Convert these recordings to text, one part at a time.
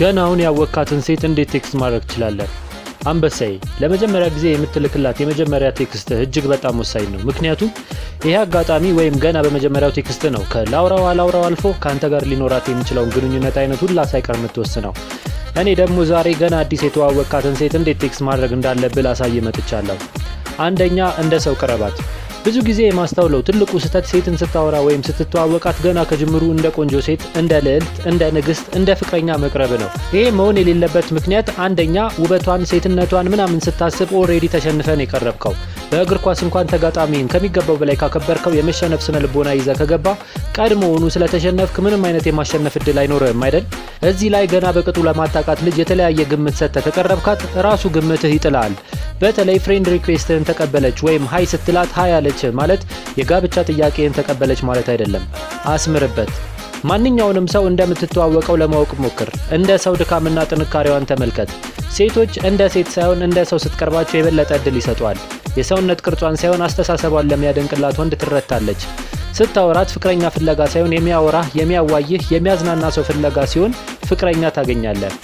ገና አሁን ያወካትን ሴት እንዴት ቴክስት ማድረግ ትችላለህ? አንበሳዬ ለመጀመሪያ ጊዜ የምትልክላት የመጀመሪያ ቴክስትህ እጅግ በጣም ወሳኝ ነው። ምክንያቱም ይሄ አጋጣሚ ወይም ገና በመጀመሪያው ቴክስት ነው ከላውራዋ አላውራው አልፎ ከአንተ ጋር ሊኖራት የሚችለውን ግንኙነት አይነት ሁላ ሳይቀር የምትወስነው። እኔ ደግሞ ዛሬ ገና አዲስ የተዋወቃትን ሴት እንዴት ቴክስት ማድረግ እንዳለብህ ላሳይ መጥቻለሁ። አንደኛ እንደ ሰው ቅረባት። ብዙ ጊዜ የማስተውለው ትልቁ ስህተት ሴትን ስታወራ ወይም ስትተዋወቃት ገና ከጅምሩ እንደ ቆንጆ ሴት፣ እንደ ልዕልት፣ እንደ ንግስት፣ እንደ ፍቅረኛ መቅረብ ነው። ይሄ መሆን የሌለበት ምክንያት አንደኛ ውበቷን፣ ሴትነቷን ምናምን ስታስብ ኦሬዲ ተሸንፈን የቀረብከው በእግር ኳስ እንኳን ተጋጣሚን ከሚገባው በላይ ካከበርከው የመሸነፍ ስነ ልቦና ይዘ ከገባ ቀድሞውኑ ስለተሸነፍክ ምንም አይነት የማሸነፍ እድል አይኖርም አይደል? እዚህ ላይ ገና በቅጡ ለማጣቃት ልጅ የተለያየ ግምት ሰጥተ ከቀረብካት ራሱ ግምትህ ይጥላል። በተለይ ፍሬንድ ሪኩዌስትን ተቀበለች ወይም ሀይ ስትላት ሀይ አለች ማለት የጋብቻ ጥያቄን ተቀበለች ማለት አይደለም። አስምርበት። ማንኛውንም ሰው እንደምትተዋወቀው ለማወቅ ሞክር። እንደ ሰው ድካምና ጥንካሬዋን ተመልከት። ሴቶች እንደ ሴት ሳይሆን እንደ ሰው ስትቀርባቸው የበለጠ እድል ይሰጧል። የሰውነት ቅርጿን ሳይሆን አስተሳሰቧን ለሚያደንቅላት ወንድ ትረታለች። ስታወራት ፍቅረኛ ፍለጋ ሳይሆን የሚያወራ የሚያዋይህ፣ የሚያዝናና ሰው ፍለጋ ሲሆን ፍቅረኛ ታገኛለህ።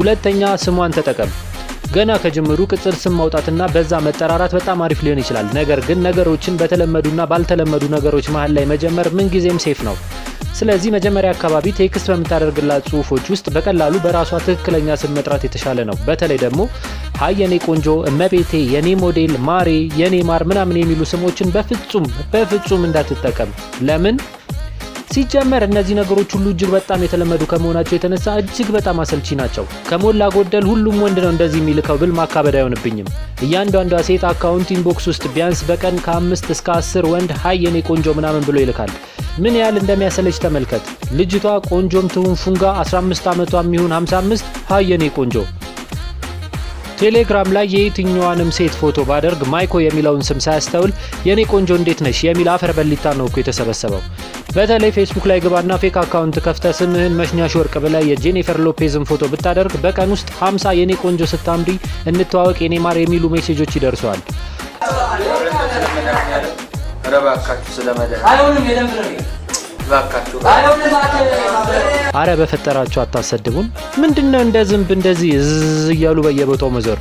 ሁለተኛ ስሟን ተጠቀም። ገና ከጅምሩ ቅጽል ስም ማውጣትና በዛ መጠራራት በጣም አሪፍ ሊሆን ይችላል። ነገር ግን ነገሮችን በተለመዱና ባልተለመዱ ነገሮች መሀል ላይ መጀመር ምንጊዜም ሴፍ ነው። ስለዚህ መጀመሪያ አካባቢ ቴክስት በምታደርግላት ጽሁፎች ውስጥ በቀላሉ በራሷ ትክክለኛ ስም መጥራት የተሻለ ነው። በተለይ ደግሞ ሀይ የኔ ቆንጆ፣ እመቤቴ፣ የኔ ሞዴል፣ ማሬ፣ የኔ ማር ምናምን የሚሉ ስሞችን በፍጹም በፍጹም እንዳትጠቀም ለምን ሲጀመር እነዚህ ነገሮች ሁሉ እጅግ በጣም የተለመዱ ከመሆናቸው የተነሳ እጅግ በጣም አሰልቺ ናቸው። ከሞላ ጎደል ሁሉም ወንድ ነው እንደዚህ የሚልከው ብል ማካበድ አይሆንብኝም። እያንዳንዷ ሴት አካውንት ኢንቦክስ ውስጥ ቢያንስ በቀን ከአምስት እስከ አስር ወንድ ሀይ የኔ ቆንጆ ምናምን ብሎ ይልካል። ምን ያህል እንደሚያሰለች ተመልከት። ልጅቷ ቆንጆም ትሁን ፉንጋ 15 ዓመቷ የሚሆን 55 ሀይ የኔ ቆንጆ ቴሌግራም ላይ የየትኛዋንም ሴት ፎቶ ባደርግ ማይኮ የሚለውን ስም ሳያስተውል የኔ ቆንጆ እንዴት ነሽ የሚል አፈር በሊታ ነው እኮ የተሰበሰበው። በተለይ ፌስቡክ ላይ ግባና ፌክ አካውንት ከፍተ ስምህን መሽኛሽ ወርቅ ብለ የጄኒፈር ሎፔዝን ፎቶ ብታደርግ በቀን ውስጥ 50 የኔ ቆንጆ ስታምሪ እንተዋወቅ የኔ ማር የሚሉ ሜሴጆች ይደርሰዋል። አረ በፈጠራችሁ አታሰድቡን። ምንድነው እንደ ዝንብ እንደዚህ እያሉ በየቦታው መዞር?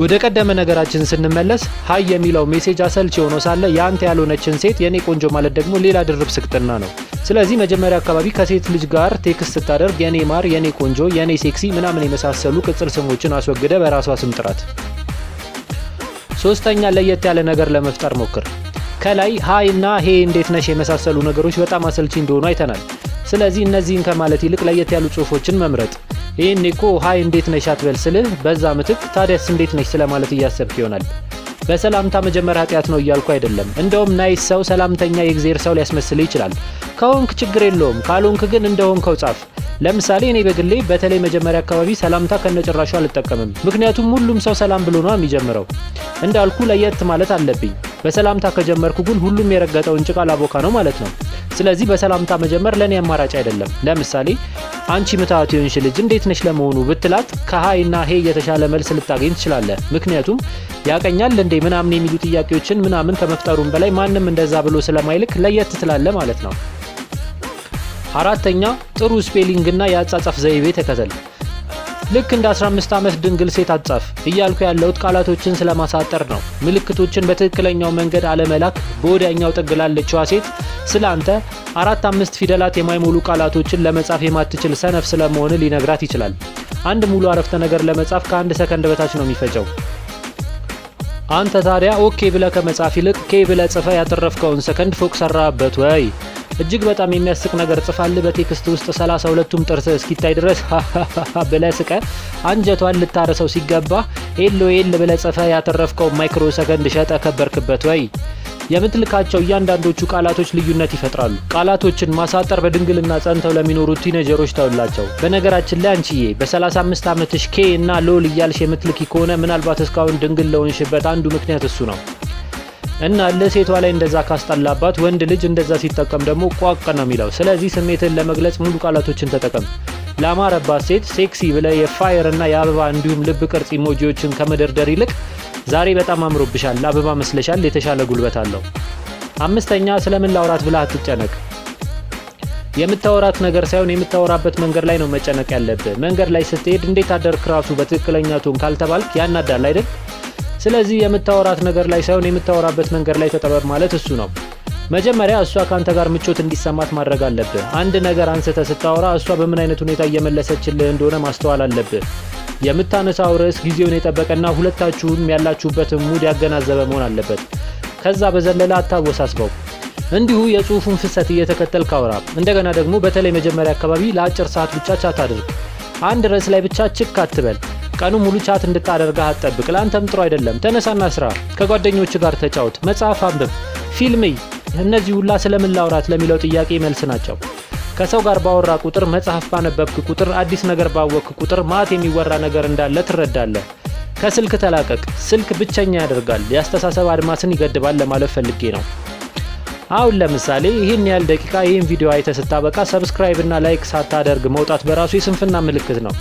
ወደ ቀደመ ነገራችን ስንመለስ ሀይ የሚለው ሜሴጅ አሰልች ሆኖ ሳለ የአንተ ያልሆነችን ሴት የኔ ቆንጆ ማለት ደግሞ ሌላ ድርብ ስቅጥና ነው። ስለዚህ መጀመሪያ አካባቢ ከሴት ልጅ ጋር ቴክስት ስታደርግ የኔ ማር፣ የኔ ቆንጆ፣ የኔ ሴክሲ ምናምን የመሳሰሉ ቅጽል ስሞችን አስወግደ በራሷ ስም ጥራት። ሶስተኛ ለየት ያለ ነገር ለመፍጠር ሞክር። ከላይ ሀይ እና ሄ እንዴት ነሽ የመሳሰሉ ነገሮች በጣም አሰልቺ እንደሆኑ አይተናል። ስለዚህ እነዚህን ከማለት ይልቅ ለየት ያሉ ጽሁፎችን መምረጥ ይህን እኮ ሀይ እንዴት ነሽ አትበል ስልህ በዛ ምትክ ታዲያስ እንዴት ነሽ ስለማለት እያሰብክ ይሆናል። በሰላምታ መጀመር ኃጢአት ነው እያልኩ አይደለም። እንደውም ናይስ ሰው ሰላምተኛ የእግዜር ሰው ሊያስመስልህ ይችላል። ከሆንክ ችግር የለውም፣ ካልሆንክ ግን እንደሆንከው ጻፍ። ለምሳሌ እኔ በግሌ በተለይ መጀመሪያ አካባቢ ሰላምታ ከነጭራሹ አልጠቀምም። ምክንያቱም ሁሉም ሰው ሰላም ብሎ ነው የሚጀምረው። እንዳልኩ ለየት ማለት አለብኝ። በሰላምታ ከጀመርኩ ግን ሁሉም የረገጠውን ጭቃ ላቦካ ነው ማለት ነው። ስለዚህ በሰላምታ መጀመር ለእኔ አማራጭ አይደለም። ለምሳሌ አንቺ ምታት የሆንሽ ልጅ እንዴት ነሽ ለመሆኑ ብትላት ከሀይና ሄ የተሻለ መልስ ልታገኝ ትችላለ ምክንያቱም ያቀኛል እንዴ ምናምን የሚሉ ጥያቄዎችን ምናምን ከመፍጠሩም በላይ ማንም እንደዛ ብሎ ስለማይልክ ለየት ትላለ ማለት ነው። አራተኛ ጥሩ ስፔሊንግና የአጻጻፍ ዘይቤ ተከተል። ልክ እንደ 15 ዓመት ድንግል ሴት አጻፍ እያልኩ ያለሁት ቃላቶችን ስለማሳጠር ነው። ምልክቶችን በትክክለኛው መንገድ አለመላክ በወዲያኛው ጥግ ላለችዋ ሴት ስለአንተ አራት አምስት ፊደላት የማይሞሉ ቃላቶችን ለመጻፍ የማትችል ሰነፍ ስለመሆን ሊነግራት ይችላል። አንድ ሙሉ አረፍተ ነገር ለመጻፍ ከአንድ ሰከንድ በታች ነው የሚፈጀው። አንተ ታዲያ ኦኬ ብለህ ከመጻፍ ይልቅ ኬ ብለህ ጽፈህ ያተረፍከውን ሰከንድ ፎቅ ሰራበት ወይ? እጅግ በጣም የሚያስቅ ነገር ጽፋል በቴክስት ውስጥ ሰላሳ ሁለቱም ጥርስ እስኪታይ ድረስ ብለ ስቀ አንጀቷን ልታረሰው ሲገባ ኤሎ ኤል ብለ ጽፈ ያተረፍከው ማይክሮ ሰከንድ ሸጠ ከበርክበት ወይ? የምትልካቸው እያንዳንዶቹ ቃላቶች ልዩነት ይፈጥራሉ። ቃላቶችን ማሳጠር በድንግልና ጸንተው ለሚኖሩ ቲኔጀሮች ተውላቸው። በነገራችን ላይ አንቺዬ በ35 ዓመትሽ ኬ እና ሎል እያልሽ የምትልኪ ከሆነ ምናልባት እስካሁን ድንግል ለሆንሽበት አንዱ ምክንያት እሱ ነው። እና ለሴቷ ላይ እንደዛ ካስጠላባት ወንድ ልጅ እንደዛ ሲጠቀም ደግሞ ቋቅ ነው የሚለው። ስለዚህ ስሜትን ለመግለጽ ሙሉ ቃላቶችን ተጠቀም። ላማረባት ሴት ሴክሲ ብለ የፋየር እና የአበባ እንዲሁም ልብ ቅርጽ ኢሞጂዎችን ከመደርደር ይልቅ ዛሬ በጣም አምሮብሻል፣ አበባ መስለሻል፣ የተሻለ ጉልበት አለው። አምስተኛ ስለምን ላውራት ብለህ አትጨነቅ። የምታወራት ነገር ሳይሆን የምታወራበት መንገድ ላይ ነው መጨነቅ ያለብህ። መንገድ ላይ ስትሄድ እንዴት አደርክ ራሱ በትክክለኛ ቶን ካልተባልክ ያናዳል አይደል? ስለዚህ የምታወራት ነገር ላይ ሳይሆን የምታወራበት መንገድ ላይ ተጠበብ ማለት እሱ ነው። መጀመሪያ እሷ ከአንተ ጋር ምቾት እንዲሰማት ማድረግ አለብህ። አንድ ነገር አንስተ ስታወራ እሷ በምን አይነት ሁኔታ እየመለሰችልህ እንደሆነ ማስተዋል አለብህ። የምታነሳው ርዕስ ጊዜውን የጠበቀና ሁለታችሁም ያላችሁበትን ሙድ ያገናዘበ መሆን አለበት። ከዛ በዘለለ አታወሳስበው። እንዲሁ የጽሁፉን ፍሰት እየተከተል ካውራ። እንደገና ደግሞ በተለይ መጀመሪያ አካባቢ ለአጭር ሰዓት ብቻ ቻት አድርግ። አንድ ርዕስ ላይ ብቻ ችክ አትበል። ቀኑ ሙሉ ቻት እንድታደርግ አትጠብቅ። ለአንተም ጥሩ አይደለም። ተነሳና ስራ፣ ከጓደኞች ጋር ተጫወት፣ መጽሐፍ አንብብ፣ ፊልም እይ። እነዚህ ሁላ ስለምን ላውራት ለሚለው ጥያቄ መልስ ናቸው። ከሰው ጋር ባወራ ቁጥር፣ መጽሐፍ ባነበብክ ቁጥር፣ አዲስ ነገር ባወክ ቁጥር ማት የሚወራ ነገር እንዳለ ትረዳለህ። ከስልክ ተላቀቅ። ስልክ ብቸኛ ያደርጋል፣ የአስተሳሰብ አድማስን ይገድባል ለማለት ፈልጌ ነው። አሁን ለምሳሌ ይህን ያህል ደቂቃ ይህን ቪዲዮ አይተህ ስታበቃ ሰብስክራይብ እና ላይክ ሳታደርግ መውጣት በራሱ የስንፍና ምልክት ነው።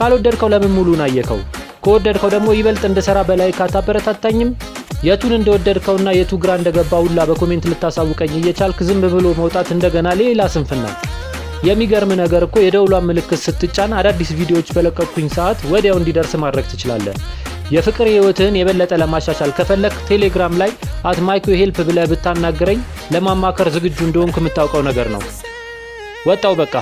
ካልወደድከው ለምን ሙሉን አየከው? ከወደድከው ደግሞ ይበልጥ እንድሰራ በላይ ካታበረታታኝም የቱን እንደወደድከውና የቱ ግራ እንደገባ ሁላ በኮሜንት ልታሳውቀኝ እየቻልክ ዝም ብሎ መውጣት እንደገና ሌላ ስንፍና። የሚገርም ነገር እኮ የደውሏን ምልክት ስትጫን አዳዲስ ቪዲዮዎች በለቀኩኝ ሰዓት ወዲያው እንዲደርስ ማድረግ ትችላለህ። የፍቅር ህይወትህን የበለጠ ለማሻሻል ከፈለክ ቴሌግራም ላይ አት ማይክ ሄልፕ ብለህ ብታናገረኝ ለማማከር ዝግጁ እንደሆንክ የምታውቀው ነገር ነው። ወጣው በቃ።